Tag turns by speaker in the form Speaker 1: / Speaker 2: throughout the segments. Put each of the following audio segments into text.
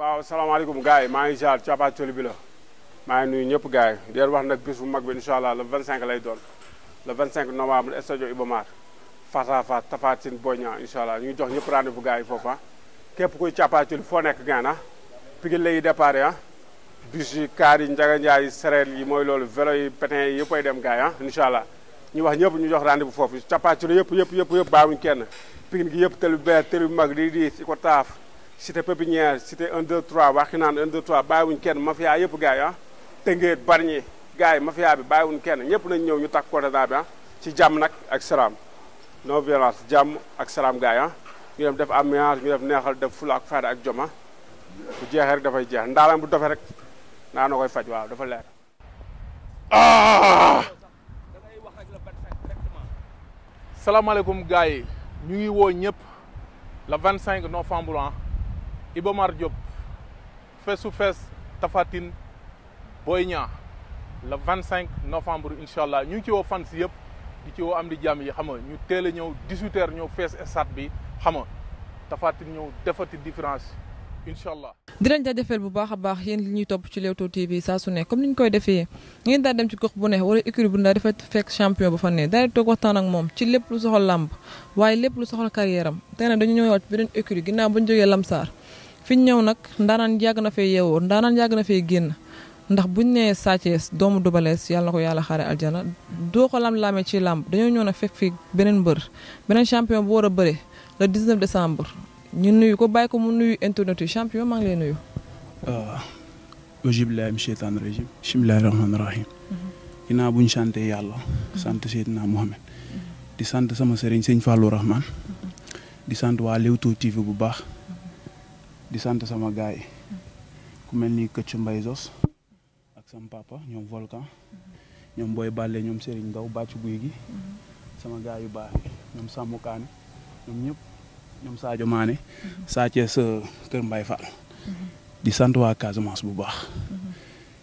Speaker 1: waaw salaamaaleykum gars yi maa ngi jaar cappaatuli bi la maa ngi nuyu ñëpp gars yi di wax nag bis bu mag bi incha allah le 25 lay doon le 25 novembre stade Iba o face à face Tapha Tine Boy Niang allah ñu jox ñëpp rendez-vous gars yi foofu ah képp kuy cappaatuli foo nekk gaan ah Pikine lay déparé bis ah. bus yi kaar yi njaga njaay yi sereer yi mooy loolu vélo yi pétin yi yëppay dem gars yi ah incha ñu wax ñëpp ñu jox rendez-vous foofu cappaatuli yëpp yëpp yëpp yëpp bàyyiwuñ kenn yëpp tëlu mag di diis i ko taaf cité pépinière cité 1 2 3 waxi naan 1 2 3 bàyyiwuñ kenn mafia yëpp gars yi ah tëngeet barñi gars yi mafia bi bàyyiwuñ kenn ñëpp nañ ñëw ñu takk corona bi ah ci jàmm nag ak salaam non violence jàmm ak salaam gars yi ah ñu dem def ambiance ñu def neexal def fula ak fayda ak joma ah. bu jeexee rek dafay jeex ndaalaan bu dofe rek naa na koy faj waaw dafa leer ah! salaamaaleykum gars yi ñu ngi woo ñëpp le 25 novembre ah. Iba Mar Diop feesu fees Tafatine Boy Niang le vingt cinq novembre incha allah ñu ngi ci woo fan si yëpp di ci woo am di jàmm yi xam ñu teel a ñëw dix-huit heures ñëw fees stade bi xam nga Tafatine ñëw defati différence incha allah.
Speaker 2: di leen jaajëfal bu baax a baax yéen li ñu topp ci Leewtoo TV saa su ne comme ni ñu koy defee ngeen daal dem ci gox bu ne wala écurie bu ne dafa fekk champion ba fa ne daal di toog waxtaan ak moom ci lépp lu soxla làmb waaye lépp lu soxla carrière am tey nag dañu ñëwaat beneen écurie ginnaaw ba ñu jógee Lamsaar fi ñu ñëw nag ndaanaan yàgg na fee yeewoo ndaanaan yàgg na fee génn ndax bu ñu nee Sathiès doomu Double Less yàlla ko yàlla xaare aljana doo ko lam ci làmb dañoo ñëw na fekk fi beneen mbër beneen champion bu war a bëre le 19 décembre ñu nuyu ko bàyyi ko mu nuyu internet yi champion maa ngi lay nuyu
Speaker 3: ah, aujubilahi min cheytaan rajim bismillahi rahmaani rahim mm-hmm. mm-hmm. sant Seydina Mohamed mm-hmm. di sant sama sëriñ sëñ Fallou Rahman di sant waa Leewtoo TV bu baax di sant sama gaay yi ku mel ni Këcc Mbay Zos ak sama papa ñoom Volcan ñoom Boy Ballé ñoom Serigne Ngaw bàcc guy gi sama gaay yu baax yi ñoom Sàmmu Kaane ñoom ñëpp ñoom Sadio Mané Sa Thiès euh, Kër Mbay fa di sant waa Casamance bu baax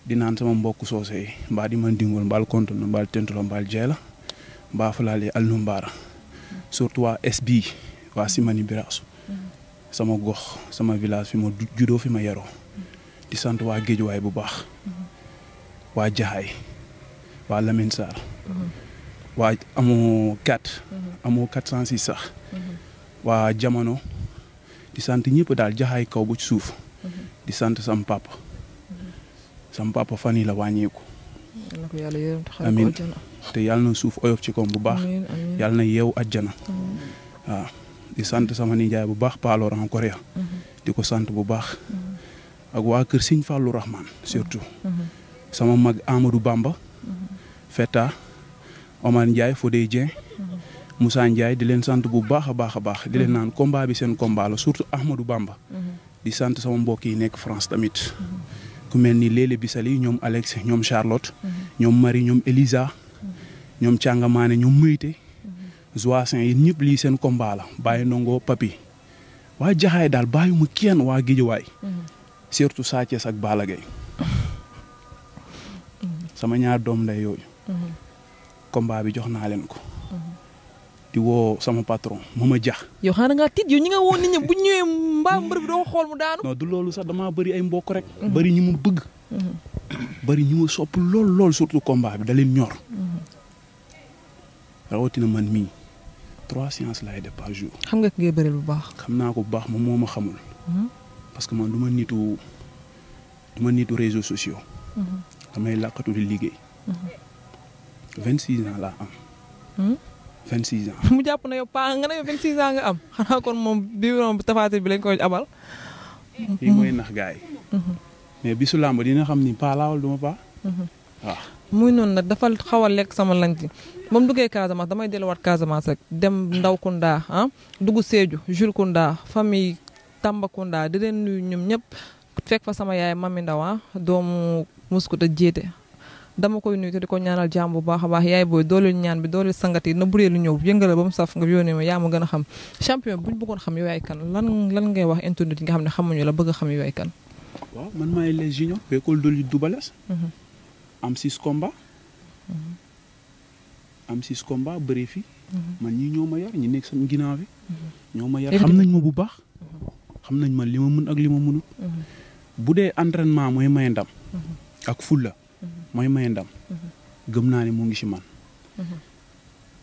Speaker 3: di naan sama mbokk soose yi mbaa di man dingol mbaal kontoon mbaal la mbaal jeela mbaa falaale alnumbaara surtout waa SB waa Simani Birasou sama gox sama village fi ma juddoo fi ma yaroo di sant waa Géejuwaay bu baax waa Jaxaay waa Lamine Sarr waa amoo 4 amoo 406 sax waa jamono di sant ñëpp daal jaxaay kaw ba ci suuf di sant sam papa sam papa fan yi la wàññeeku amin te yàlla na suuf oyof ci koom bu baax yàlla na yeewu ajjana waaw di sant sama nijaay bu baax Pa Laurent Correa mm-hmm. di ko sant bu baax mm-hmm. ak waa kër Sëñ Fallou Rahman surtout mm-hmm. sama mag Amadou Bamba Feta Omar Ndiaye Fodé Dieng Moussa Ndiaye di leen sant bu baax a baax a baax di leen naan combat bi seen combat la surtout Ahmadou Bamba di sant sama mbokk yi nekk France tamit ku mel ni Lélé Bisali ñoom Alex ñoom Charlotte ñoom Marie ñoom Elisa ñoom Càngamaane ñoom Mayte Zoissin yi ñëpp lii seen combat la bàyyi nangoo papi waa jaxaay daal bàyyiwuma kenn waa géejuwaay mhm. surtout Sa Thiès ak Balla Gaye mhm. sama ñaar doom lay yooyu mhm. combat bi jox naa leen ko di woo sama patron ma ma jax
Speaker 2: yow xanaa ngaa tiit yow ñi nga woo nit ñi bu ñëwee mbaa mbër bi doo xool mu daanu du loolu
Speaker 3: sax damaa bëri ay mbokk rek bëri ñi mu bëgg bëri ñi ma sopp lool lool surtout combat bi da leen ñor rawatina man mii trois séances laay def par jour. xam nga ki ngay bëreel bu baax. xam naa ko bu baax moom moo xamul. Hmm? parce que man du ma nitu du ma nitu réseaux sociaux. Hmm. damay làkkatu di liggéey. Hmm. vingt six ans laa am.
Speaker 2: mu jàpp na yow paa nga ne yow vingt six ans nga am xanaa kon moom bi moom tafaatir bi lañ koy abal. lii mooy nax
Speaker 3: gars yi. mais bisu làmb dina xam ni paa laawal paa. waaw.
Speaker 2: muy noonu nag dafa xaw a lekk sama lanti ba mu duggee Casamance damay delluwaat Casamance rek dem ndaw Ndawkunda ah dugg Sédhiou Julkunda famille Tambacounda di leen nuyu ñoom ñëpp fekk fa sama yaay mami ndaw ah doomu muskuta jéete dama koy nuyu te di ko ñaanal jàmm bu baax a baax yaay booy dooleel ñaan bi dooleel sangat na buree lu ñëw yëngala ba mu saf nga yónnee ma yaa ma gën a xam champion bu ñu bëggoon xam yow kan lan lan ngay wax internet yi nga xam ne xamuñu la bëgg xam yow kan.
Speaker 3: waaw man maay am six combats. am six combats bëri fi. man ñi ñoo ma yar ñi nekk sama ginnaaw bi. ñoo ma yar xam nañ ma bu baax. xam nañ ma li ma mën ak li ma mënut. bu dee entraînement mooy may ndam. ak fulla mooy may gëm naa ne mu ngi si man.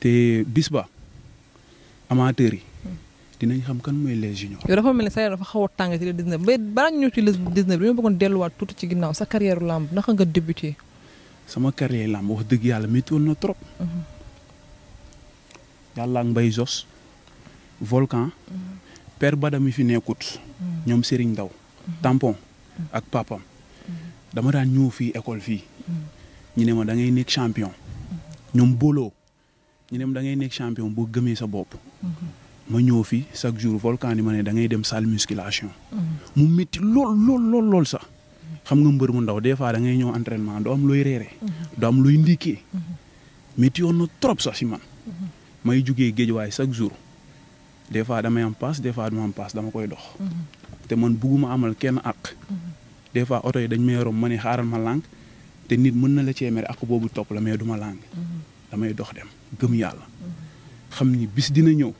Speaker 3: te bis ba amateurs yi. dinañ xam kan mooy les juniors.
Speaker 2: yow dafa mel ni sa dafa xaw a tàng ci les 19 mais balaa ñu ñëw ci les 19 bi ma bëggoon delluwaat tuuti ci ginnaaw sa carrière lamb naka nga débuté.
Speaker 3: sama carrière làmb wax dëgg yàlla métti woon na trop. yàlla ak mbay jos. volcan. père Bada mi fi nekkut. ñoom seriñ Ndaw tampon ak papam dama daan ñëw fii école fii. ñu ne ma da ngay nekk champion. ñoom booloo ñu ne ma da ngay nekk champion boo gëmee sa bopp. ma ñëw fi chaque jour volcan ni ma ne da ngay dem salle musculation. mu métti lool lool lool sax. xam nga mbër mu ndaw des fois da ngay ñëw entraînement doo am looy reere doo am looy ndikkee métti yoon na trop sax si man may jugee géej waay chaque jour des fois damay am paas des fois du am paas dama koy dox te man bugguma amal kenn ak des fois oto yi dañ may rom ma ne xaaral ma lànk te nit mën na la cee mere ak boobu topp la mais du ma lànk damay dox dem gëm yàlla xam ni bis dina ñëw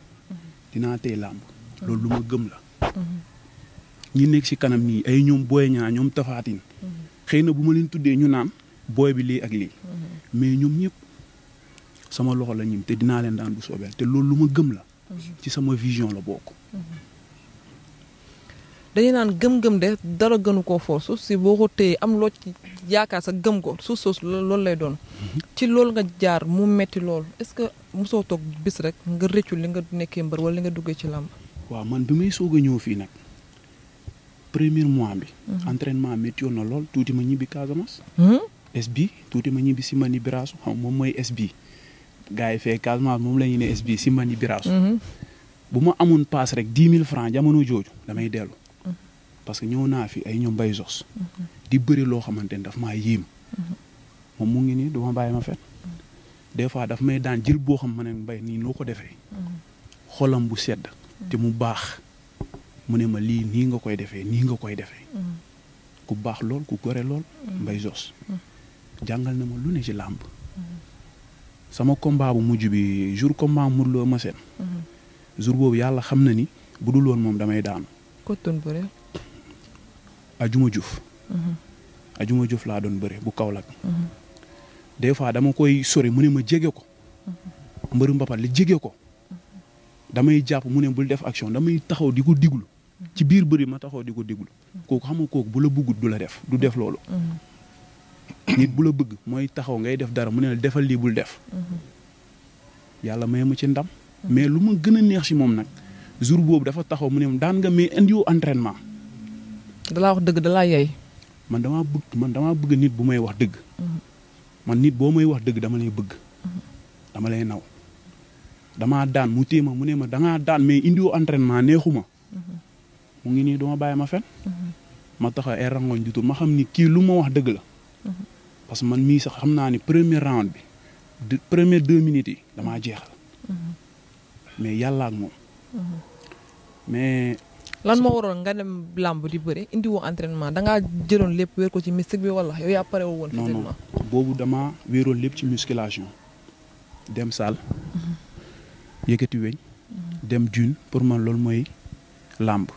Speaker 3: dinaa tey làmb loolu ma gëm la ñu nekk ci kanam nii ay ñoom booy ñaa ñoom Tapha
Speaker 4: mm-hmm.
Speaker 3: xëy na bu ma leen tuddee ñu naan booy bi lii ak lii
Speaker 4: mm-hmm.
Speaker 3: mais ñoom ñëpp sama loxo la ñim te dinaa leen daan bu soobee te loolu lu ma gëm la mm-hmm. ci sama vision la
Speaker 2: bokk dañu naan gëm-gëm de dara gënu ko foor suuf si boo ko téye am loo ci yaakaar sa gëm ko suuf suuf loolu lay doon ci loolu nga jaar mu metti lool est-ce que mosoo toog bis rek nga rëccu li nga nekkee mbër wala li nga duggee ci làmb
Speaker 3: waaw man bi may soog a ñëw fii nag premier mois bi. entraînement météo na lool tuuti ma ñibbi Casamance. Hmm? SB tuuti ma ñibbi si mani biraasu xam moom mooy SB gars yi fee Casamance moom la ñuy ne SB si mani biraasu. Hmm. bu ma amoon paas rek dix mille franc jamono jooju damay dellu. Hmm. parce que ñëw naa fi ay ñoom bay sos. di bëri loo xamante ni daf maa yéem. moom mu ngi nii du ma bàyyi ma fet des fois daf may daan jël boo xam ma ne mbay nii noo ko defee. xolam bu sedd. te mu baax. mu ne ma lii nii nga koy defee nii nga koy defee mm. ku baax lool ku gore lool mm. mbay jos mm. jàngal na ma lu ne ci làmb sama combat bu mujj bi jour combat Modou Lo Eumeu Sène mm-hmm. jour boobu yàlla xam na ni bu dul woon moom damay daanu kottun bëre ajuma juuf mm-hmm. ajuma juuf laa doon bëre bu Kaolack mm-hmm. des fois dama koy sori mu ne ma jege ko mbëru mbapat li jege ko damay jàpp mu ne bul def action damay taxaw di ko diglu ci biir bëri ma taxoo di ko déglu kooku xam nga kooku bu la bëggut du la def du def loolu mm-hmm. nit bu la bëgg mooy taxaw ngay def dara mu ne la defal lii bul def mm-hmm. yàlla may ma ci ndam mm-hmm. mais lu ma gën a neex si moom nag jour boobu dafa taxaw mu ne daan nga mais indiwoo entraînement dalaa
Speaker 2: wax dëgg dalaa yey
Speaker 3: man damaa bëgg nit bu may wax dëgg man boo may wax dëgg dama lay bëgg dama lay naw damaa daan mu téema mu ne ma dangaa daan mais indiwoo entraînement neexuma mu ngi nii duma bàyyi ma fen mhm. ma taxa ay rangoñ di ma xam ni kii lu ma wax dëgg la mhm. parce que man mii sax xam naa ni premier round bi de première deux minutes yi damaa jeexal mhm. mais yàlla ak moom mais
Speaker 2: lan moo waroon nga dem làmb di bëre indi woo entraînement dangaa jëloon lépp wéer ko ci mystique bi wala pare woon non
Speaker 3: boobu dama wéeroon lépp ci musculation dem salle dem june pour man loolu mooy làmb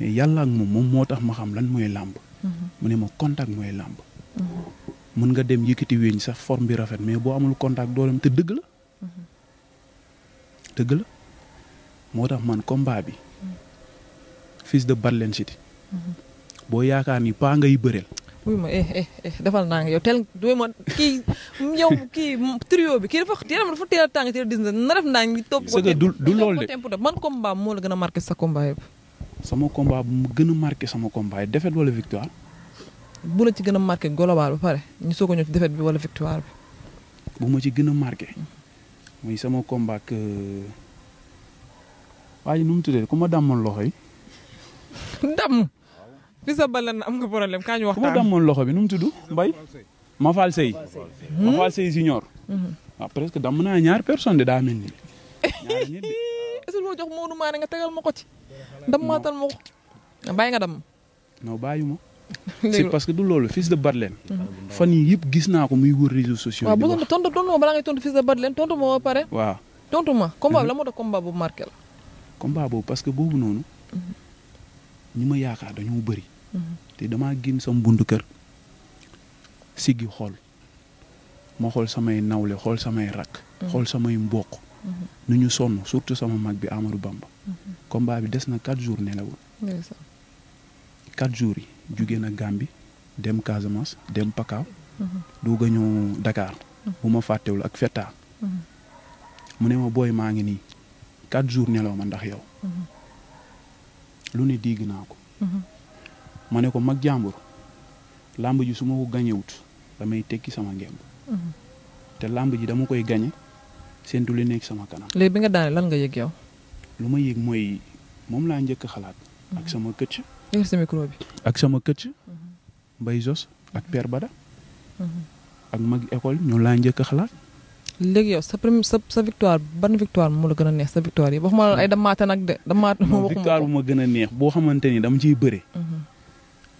Speaker 3: mais yàlla ak moom moom moo tax ma xam lan mooy làmb mm-hmm. mu ne ma contact mooy làmb
Speaker 4: mën mm-hmm.
Speaker 3: nga dem yëkkati weñ sax form bi rafet mais boo amul contact doo dem te dëgg la
Speaker 4: mm-hmm.
Speaker 3: dëgg la moo tax man combat bi fils de Badlen City boo yaakaar ni paa ngay bëreel
Speaker 2: wuy ma eh eh eh defal naa nga yow teel du ma kii yow bi kii dafa yaram dafa teel a tàng teel a dis na def naa ngi topp. c'est que du du loolu de man combat moo la gën a marqué sa combat yëpp. sama combat bu mu gën a marqué sama combat yi défaite wala victoire. bu la ci gën a marqué global ba pare ñu soog a ñëw bi wala victoire
Speaker 3: bi. ma ci gën a marqué. muy sama combat ak waa ji nu mu tuddee ku ma dàmmoon loxo yi.
Speaker 2: fils de Balla am nga problème kaa ñu waxtaan. ku ma dammoon
Speaker 3: loxo bi nu mu tudd Mbaye. Mafal Seye. Mafal Seye junior. Hmm. waaw presque damm naa ñaar personne de daa mel ni. ñaar
Speaker 2: ñett est-ce que loo jox nga tegal ma ko ci. dammaatal ma ko. bàyyi nga damm. non bàyyi ma. c'est parce
Speaker 3: que du loolu fils de Badlen. Hmm. fan yii gis naa ko muy wër réseaux sociaux. waaw bëgg
Speaker 2: tontu ma balaa ngay tontu fils de ba pare. waaw tontu ma. combat bi mhm. la moo tax combat boobu marqué la.
Speaker 3: combat boobu parce que boobu noonu. Mhm. ñi ma yaakaar dañoo bëri. te damaa génn sama buntu kër siggi xool ma xool samay nawle xool samay rakk. Mhm. xool samay mbokk. Mhm. nu ñu sonn surtout sama mag bi Amadou Bamba. komba mhm. bi des na quatre jours nelawul. quatre jours yi jugee na Gambie dem Casamance dem Pakaaw. doog a ñëw Dakar. bu ma fàttewul ak fetta mu ne ma booy maa ngi nii quatre jours nelaw ma ndax yow. lu ne digg naa ko. ma ne ko mag jàmbur làmb ji su ma ko gañewut damay tekki sama ngemb mhm. te làmb ji dama koy gañe seentu li nekk sama kanam.
Speaker 2: léegi bi nga daane lan nga yëg
Speaker 3: lu ma yëg mooy moom laa njëkk xalaat. Mhm. ak sama këcc.
Speaker 2: yëg sama këcc. Mhm.
Speaker 3: Mbaye Jos ak Père Bada. ak mag école ñoo laa njëkk xalaat.
Speaker 2: léegi yow sa premier sa sa victoire ban victoire moo la gën a neex sa victoire yi waxuma ay damaata de damaata. victoire
Speaker 3: bu ma gën a neex boo xamante ni dama ciy bëre.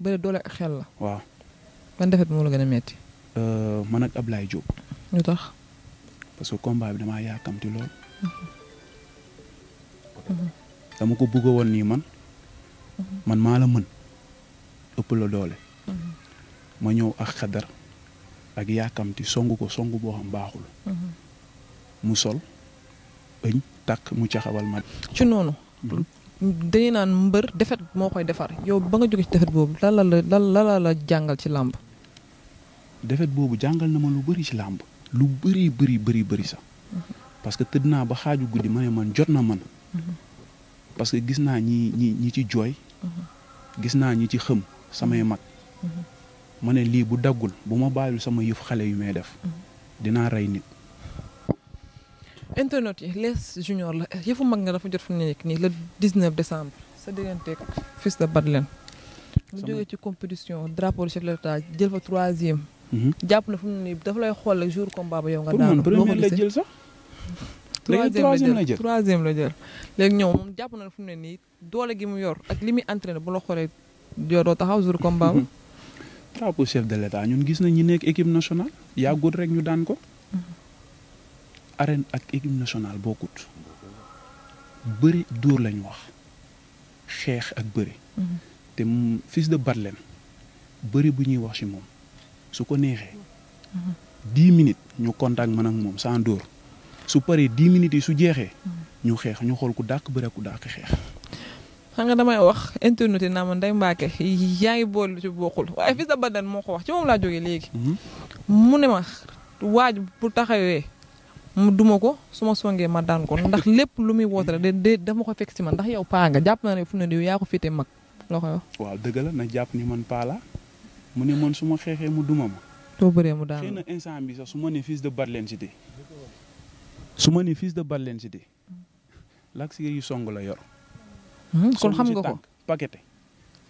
Speaker 2: bëri doole ak xel la. waaw. ban defet moo la gën a metti.
Speaker 3: Euh, man ak Ablaye Diop. lu tax. parce que combat bi damaa yaakamti lool.
Speaker 2: Mm-hmm.
Speaker 4: Mm-hmm.
Speaker 3: dama ko bëgg woon nii man.
Speaker 4: Mm-hmm.
Speaker 3: man maa la mën ëpp la doole. ma ñëw ak xadar ak yaakamti songu ko songu boo xam baaxul. mu sol ëñ takk mu caxawal ma.
Speaker 2: ci noonu. dañuy naan mbër defet moo koy defar yow ba nga jóge ci defet boobu lan la la jàngal ci làmb.
Speaker 3: defet boobu jàngal na ma lu bari ci làmb. lu bëri bari bari bëri sax. Mm-hmm. parce que tëdd naa ba xaaju guddi ma ne man jot na man. Mm-hmm. parce que gis naa ñi ñi ñi ci jooy.
Speaker 4: Mm-hmm.
Speaker 3: gis naa ñi ci xëm samay mag. ma ne lii bu daggul bu ma bàyyil sama yëf xale yu may def. dinaa rey
Speaker 2: nit. internet yi Less Junior la yëfu mag nga dafa jot fu mu nekk nii le 19 décembre sa digganteeg fils de Badlen. mu jógee ci compétition drapeau du chef de l'État jël fa troisième. Mhm. jàpp na fu mu ne nii lay xool ak jour combat ba yow nga daanu. pour man premier jël sax. troisième la jël troisième la jël. jàpp na fu mu ne nii doole gi mu yor ak li muy entraîné bu la xoolee yow doo taxaw jour combat
Speaker 3: ba. Mhm. drapeau chef de l'État ñun gis nañ ñi nekk équipe nationale yàggul rek ñu daan ko. Mhm. arène ak équipe nationale bokkut bëri dóor lañu wax xeex ak bëri mhm. te fils de Batlen bëri bu ñuy wax ci moom su ko neexee mhm. dix minute ñu contact man ak moom sans dóor su paree dix minutes yi su jeexee mhm. ñu xeex ñu xool ku dàq bëri ku
Speaker 2: dàq xeex xam nga damay wax internet yi naa ma Ndeye Mbacke yaa ngi bool ci bokkul waaye fils de Batlen moo ko wax ci moom laa jógee léegi mu ne ma waaj bu taxawee mu duma ko su ma songee ma daan ko ndax lépp lu muy woote da de daf ma ko fekk si man ndax yow paa nga jàpp na ne fu ne nii yaa ko féetee mag loo koy wax.
Speaker 3: waaw dëgg la na jàpp ni man paa mu ne man su ma xeexee mu duma ma. doo bëree mu daan xëy na bi sax su ma ne fils de Badlen Cité su ma ne fils de Badlen Cité. lak si yu song la yor. Hmm, kon xam nga ko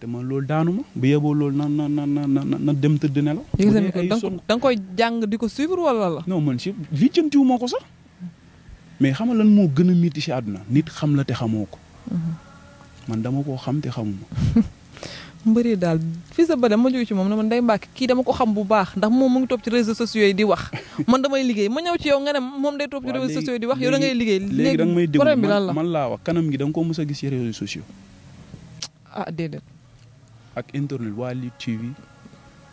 Speaker 3: te man loolu daanu ma bu yeboo loolu na na na na na dem tëdd ne la.
Speaker 2: da nga koy jàng di ko suivre
Speaker 3: wala la. non man si lijjantiwu moo ko sax mais xam lan moo gën a métti si àdduna nit xam la te xamoo ko. Mhm. man dama koo xam te xamuma.
Speaker 2: mbëri daal sa ba dama moom ne man day mbàkk kii dama ko xam bu baax ndax moom mu ngi toog ci réseaux sociaux di wax man damay liggéey ma ñëw ci yow nga ne moom day toog ci réseaux sociaux yi di wax yow da ngay liggéey. léegi da nga may déglu
Speaker 3: man laa wax kanam gi da nga ko mës a gis ci réseaux sociaux. Ah, ak internet waa Lutte TV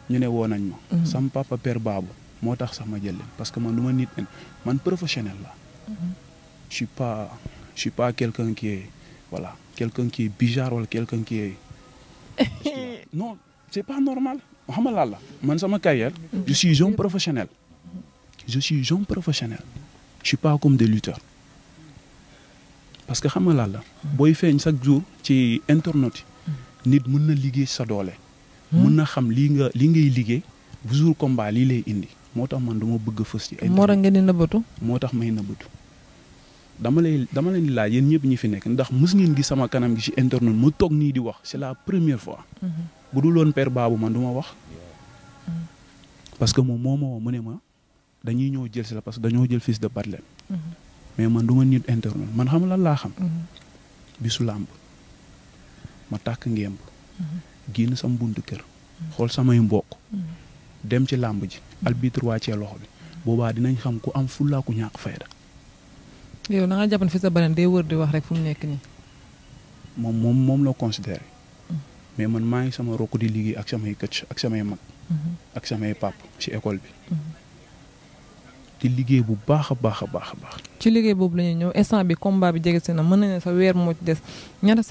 Speaker 3: ñu ne woo nañ ma. Mhm. sama papa père Babou moo tax sama jël leen parce que man du ma nit en man professionnel la. Mhm. je suis pas je quelqu'un qui est voilà quelqu'un qui est bizarre wala quelqu'un qui est normal xam nga la man sama carrière je suis jeune mhm. professionnel. je suis jeune professionnel. je suis pas comme des lutteurs. parce que xam nga la booy feeñ chaque jour ci internet nit mën na liggéey sa doole. Hmm? mën na xam lii nga li ngay liggéey bu jour combat lii lay indi moo tax man dama bëgg a fës ci ay. moo tax ngeen moo tax may nëbbatu dama lay dama leen di laaj yéen ñëpp ñi fi nekk ndax mës ngeen gi sama kanam gi si internet mu toog nii di wax c'est la première fois. Hmm. bu dul woon père Babou man du wax. Hmm. parce que moom moo ma woo mu ne ma dañuy ñëw jël si la parce que dañoo jël fils de Batlem. mais man du ma nit internet man xam lan laa xam. bisu làmb ma tàkk ngemb mhm. génn sama buntu kër mhm. xool samay mbokk mhm. dem ci làmb ji albitre wàccee loxo bi boobaa dinañ xam ku am fullaa ku ñàkk fayda
Speaker 2: yow na nga jàppoon fi sa beneen day wër di wax rek fu mu nekk nii
Speaker 3: moom moom moom la considéré mais man maa ngi sama rokk di liggéey ak samay këcc ak samay mag ak samay pap ci école bi di liggéey bu baax a baax a baax a baax
Speaker 2: ci liggéey boobu la ñëw instant bi combat bi jege si na mën nañu sa weer moo ci des ñaata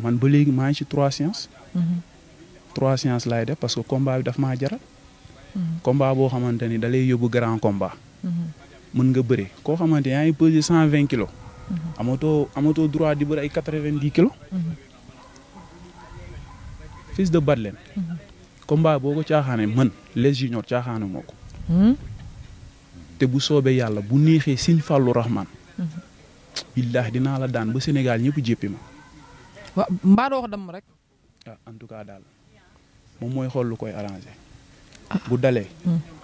Speaker 3: man ba léegi maa ngi ci trois séances. Mhm. trois séances laay def parce que combat bi daf ma jaral. Mhm. combat boo xamante ni da lay yóbbu grand combat. Mhm. mën nga bëre koo xamante yaa ngi pesé cent vingt kilos. amatoo amatoo droit di bëri ay quatre vingt dix kilos. fils de Badlen. combat boo ko caaxaanee man les juniors caaxaane moo hmm? te bu soobee yàlla bu neexee Sëñ Fallou Rahman. billaahi dinaa la daan ba Sénégal ñëpp jéppi ma.
Speaker 2: waaw mbaa doo ko damm rek.
Speaker 3: Ah, daal moom mooy xool lu koy arrangé. bu dalee.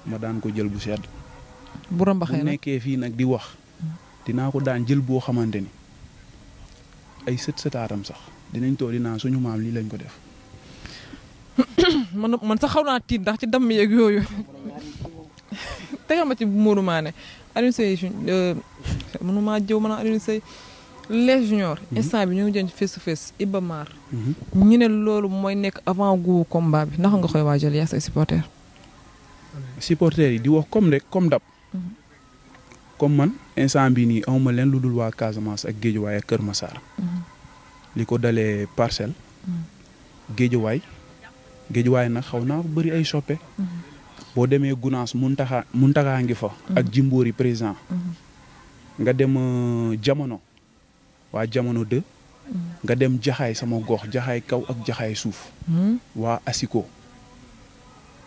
Speaker 3: ma daan ko jël bu sedd. bu rambaxee bu nekkee fii nag di wax. dinaa ko daan jël boo xamante ni ay sët sëtaatam sax dinañ toog dinaa suñu maam lii lañ ko def.
Speaker 2: man man sax xaw naa tiit ndax ci damm yeeg yooyu. tegal ma ci bu Modou Mané Alioune Seye euh, mënu maa jëw mën a Alioune Seye les juniors mhm. instant bi ñu ngi jëm ci face mhm. ñu ne loolu mooy nekk avant gu combat bi naka nga koy waajal yaa say supporters.
Speaker 3: yi di wax comme rek comme dab. Mhm. comme man instant bi nii amuma leen lu dul waa Casamance ak Géejawaay waay Kër Massar. li ko dalee parcelle. Géejawaay Géejawaay nag xaw naa bëri ay soppe. boo demee Gunaas mun taxaa mun taxaa ngi fa. ak jimboori président. nga dem jamono. Euh, waa jamono dë
Speaker 4: mm.
Speaker 3: nga dem jaxaay sama gox jaxaay kaw ak jaxaay suuf mm. waa asiko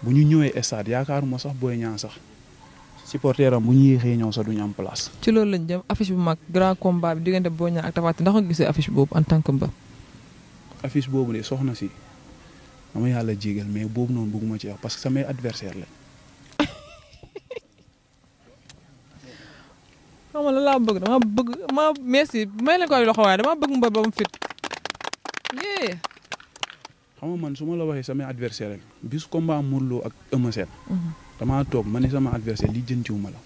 Speaker 3: bu ñu ñëwee stade yaakaar moo sax booy ñaan sax supporter am bu ñu yéexee ñëw sax duñu am place
Speaker 2: ci loolu lañ jëm affiche bu mag grand combat bi diggante Boy Niang ak Tapha ndax nga gisee affiche boobu en tant que mbër
Speaker 3: boobu de soxna si dama yàlla jégal mais boobu noonu bëgguma ci wax parce que samay adversaire la
Speaker 2: xam nga lan laa bëgg dama bëgg ma merci may leen koy loxo waaye dama bëgg mbër ba mu fit. yee. xam
Speaker 3: nga man su ma la waxee sama adversaire bis combat Modou Lo ak Eumeu mhm. damaa toog ma ne sama adversaire li jëntiwu ma la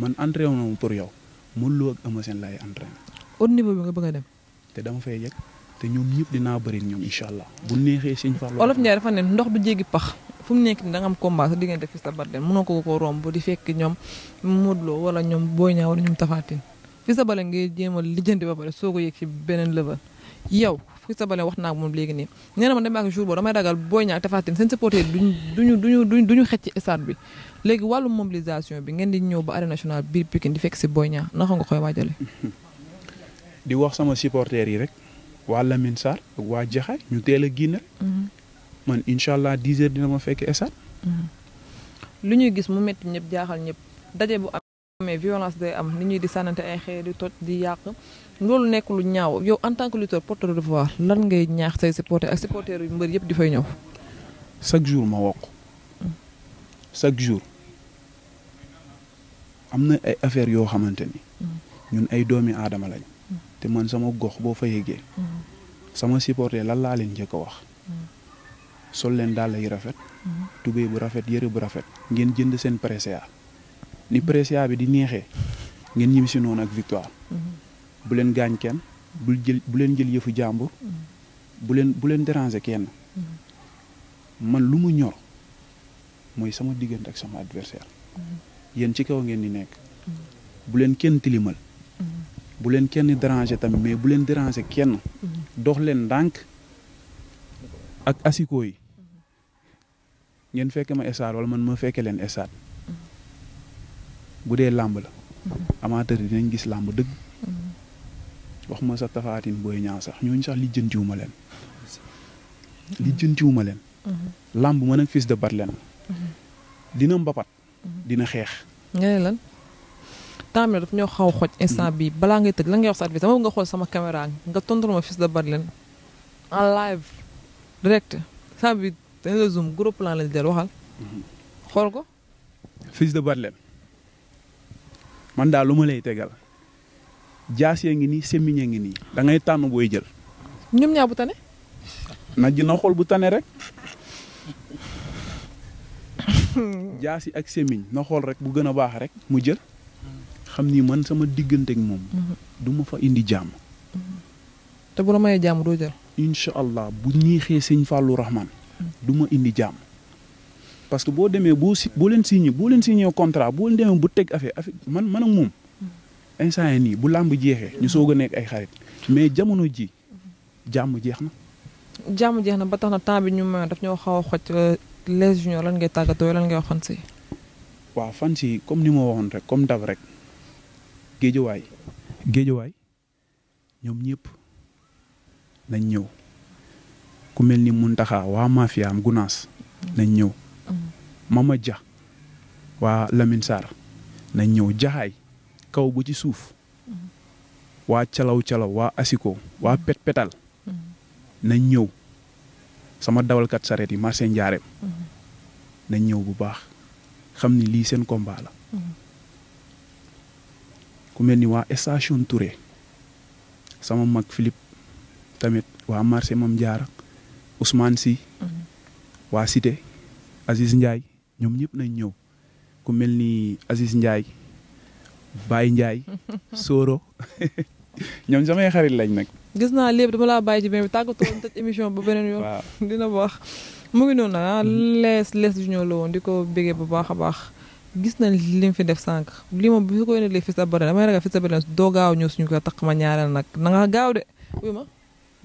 Speaker 3: man entraîné wu ma pour yow Modou Lo ak Eumeu Sène laay entraîné. au
Speaker 2: niveau bi nga bëgg a dem.
Speaker 3: te dama fay yegg te ñoom ñëpp dinaa bëri ñoom incha allah bu neexee sëñ
Speaker 2: Fallou. Olof Ndiaye dafa ne ndox du jéggi pax. fu nekk nii da nga am combat sa diggante Fils ak Balla mënoo ko ko romb di fekk ñoom Modou Lo wala ñoom Boy Niang wala ñoom Tapha Tine Fils ak Balla ngay jéem a ba pare soo ko yëg ci beneen level yow Fils ak Balla wax naa moom léegi nii nee na ma demee ak jour boobu damay ragal Boy Niang ak Tapha Tine seen supporter duñu duñu duñu duñu duñu xëcc ci stade bi léegi wàllu mobilisation bi ngeen di ñëw ba arène nationale biir Pikine di fekk si Boy Niang naka nga koy waajale
Speaker 3: di wax sama supporter yi rek waa Lamine Sarr ak waa Jaxaay ñu teel a génn mhm. man incha allah dix heures dina ma fekk esat
Speaker 2: mm-hmm. lu ñuy gis mu métti ñëpp jaaxal ñëpp daje bu amee violence day am nit ñuy di sànnante ay xeer di toj di yàq loolu nekk lu ñaaw yow en tant que lutteur porteur de devoir lan ngay ñaax say supporter ak supporter yu mbër yëpp di fay ñëw.
Speaker 3: chaque jour ma wokk mm-hmm. chaque jour am na ay affaires yoo xamante ni. Mm-hmm. ñun ay doomi aadama lañ. te man sama gox boo fa yëgee. sama supporter lan laa leen njëkk wax. sol leen dàll yi rafet. tubéy bu rafet yëre bu rafet. ngeen jënd seen Presea ni Presea bi di neexee ngeen ñibbisi noonu ak victoire. bu leen gaañ kenn bul jël bu leen jël yëfu jàmbur. bu leen bu leen déranger kenn. man lu mu ñor mooy sama diggante ak sama adversaire. yéen ci kaw ngeen di nekk. bu leen kenn tilimal. bu leen kenn déranger tamit mais bu leen déranger kenn. dox leen ndànk ak asiko yi. ngeen fekke ma stade wala man ma fekke leen stade bu dee làmb la amateur yi dinañ gis làmb dëgg wax ma sax tafaatin booy ñaaw sax ñooñu sax li ma leen li ma leen làmb mën ak fils de bat leen dina mbapat dina xeex
Speaker 2: nga ne lan temps bi daf ñoo xaw xoj instant bi balaa ngay tëj la ngay wax sa advice dama nga xool sama caméra nga tontul ma de bat leen en live direct dañ la zoom gros plan lañ del waxal. xool ko.
Speaker 3: fils de Batlem man daal lu ma lay tegal jaas yaa ngi nii semmiñ yaa ngi nii dangay ngay tànn booy jël.
Speaker 2: ñoom ñaar bu tane.
Speaker 3: na dina xool bu tane rek. jaas yi ak semiñ na xool rek bu gën a baax rek mu jël. xam ni man sama diggante ak moom. Mhm. du ma fa indi jàmm. Mhm. te bu la mayee jàmm doo jël. incha allah bu ñiixee sëñ Fallou Rahman. du ma indi jàmm parce que boo demee boo si boo leen si signé boo leen signé contrat boo leen demee bu teg affaire affaire man man ak moom instant yi nii bu làmb jeexee ñu soog a nekk ay xarit mais jamono ji jàmm jeex na.
Speaker 2: jàmm jeex na ba tax na temps bi ñu ma daf ñoo xaw a xoj euh, les juniors lan ngay tàggatoo lan ngay waxoon si.
Speaker 3: waaw fan si comme ni ma waxoon rek comme dab rek géejawaay géejawaay ñoom ñëpp nañ ñëw. ku mel ni Muntaxa waa mafia am Gunaas nañ ñëw
Speaker 4: mm-hmm.
Speaker 3: Mama Dia waa Lamine Sarr ñëw jaxaay kaw bu ci suuf
Speaker 4: mm-hmm.
Speaker 3: waa calaw calaw waa asiko waa pet petal mm-hmm. nañ ñëw sama dawalkat sareet yi marché njaareem nañ ñëw bu baax xam ni lii seen combat la ku mel ni waa station Touré sama mag Philippe tamit waa marché mam jaara Ousmane si mhm. waa Cité Aziz ñoom ñëpp nañ ñëw ku mel ni Aziz Ndiaye Baye Ndiaye Soro ñoom samay xarit lañ nag.
Speaker 2: gis naa lépp dama laa bàyyi ci benn bi tàggatoo woon tëj émission ba beneen yoon. dina baax mu ngi noonu ah lees lees du ñëw woon di ko bégee bu baax a baax. gis nañ li fi def sànq li moom bu ñu ko yónnee fii sa bëri doo gaaw ñëw suñu ko takk ma ñaareel nag na gaaw de.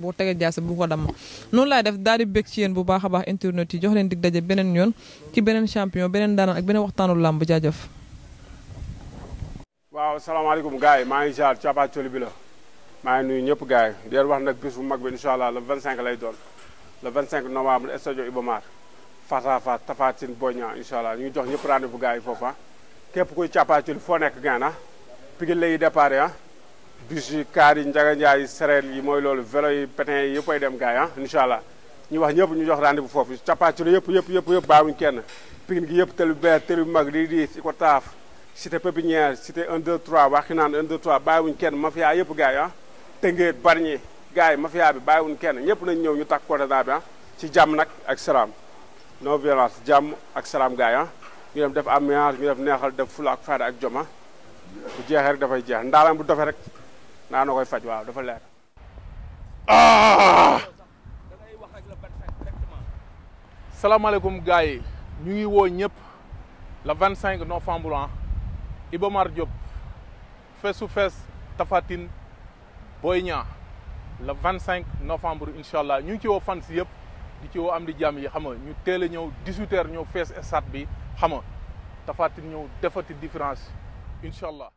Speaker 2: boo tegee jaase bu ko damm noonu laay def daal di bég ci yéen bu baax a baax internet yi jox leen dig daje beneen yoon ci beneen champion beneen daanaan ak beneen waxtaanu làmb jaajëf
Speaker 1: waaw salaamaaleykum gars yi maa ngi jaar capacoli bi la maa ngi nuyu ñëpp gars yi di wax nag bis bu mag bi incha allah le 25 lay doon le 25 novembre stade Iba Mar face à face Tapha Tine Boy Niang incha allah ñu ngi jox ñëpp rendez-vous gars yi foofu ah képp kuy capacoli foo nekk gaan ah Pikine bus yi kaar yi njaganjaay yi sereel yi mooy loolu vélo yi pétin yi yëppay dem gaay ah incha wax ñëpp ñu jox rendez-vous foofu cappaaculu yëpp yëpp yëpp yëpp baawuñ kenn Pikine gi yëpp tali bu bees tali bu mag lii di si ko taaf cité pépinière cité 1 2 3 waxi naan 1 2 3 bàyyiwuñ kenn mafia yëpp gars yi ah tëngeet barñi gars yi mafia bi bàyyiwuñ kenn ñëpp nañ ñëw ñu takk corona bi ah ci jàmm nag ak salaam non violence jàmm ak salaam gars yi ah ñu dem def ambiance def neexal def fula ak ak joma ah. bu dafay jeex ndaalaan bu dofee rek naa na koy faj waaw dafa leer. Ah! salaamaaleykum gars yi ñu ngi woo ñëpp le vingt cinq novembre ah Iba Mar feesu fees tafaatin Boy Niang le cinq novembre incha allah ñu ngi ci woo fan si yëpp di ci woo am di jàmm yi xam nga ñu teel a ñëw dix ñëw fees stade bi xam nga Tafatine ñëw defati différence incha allah.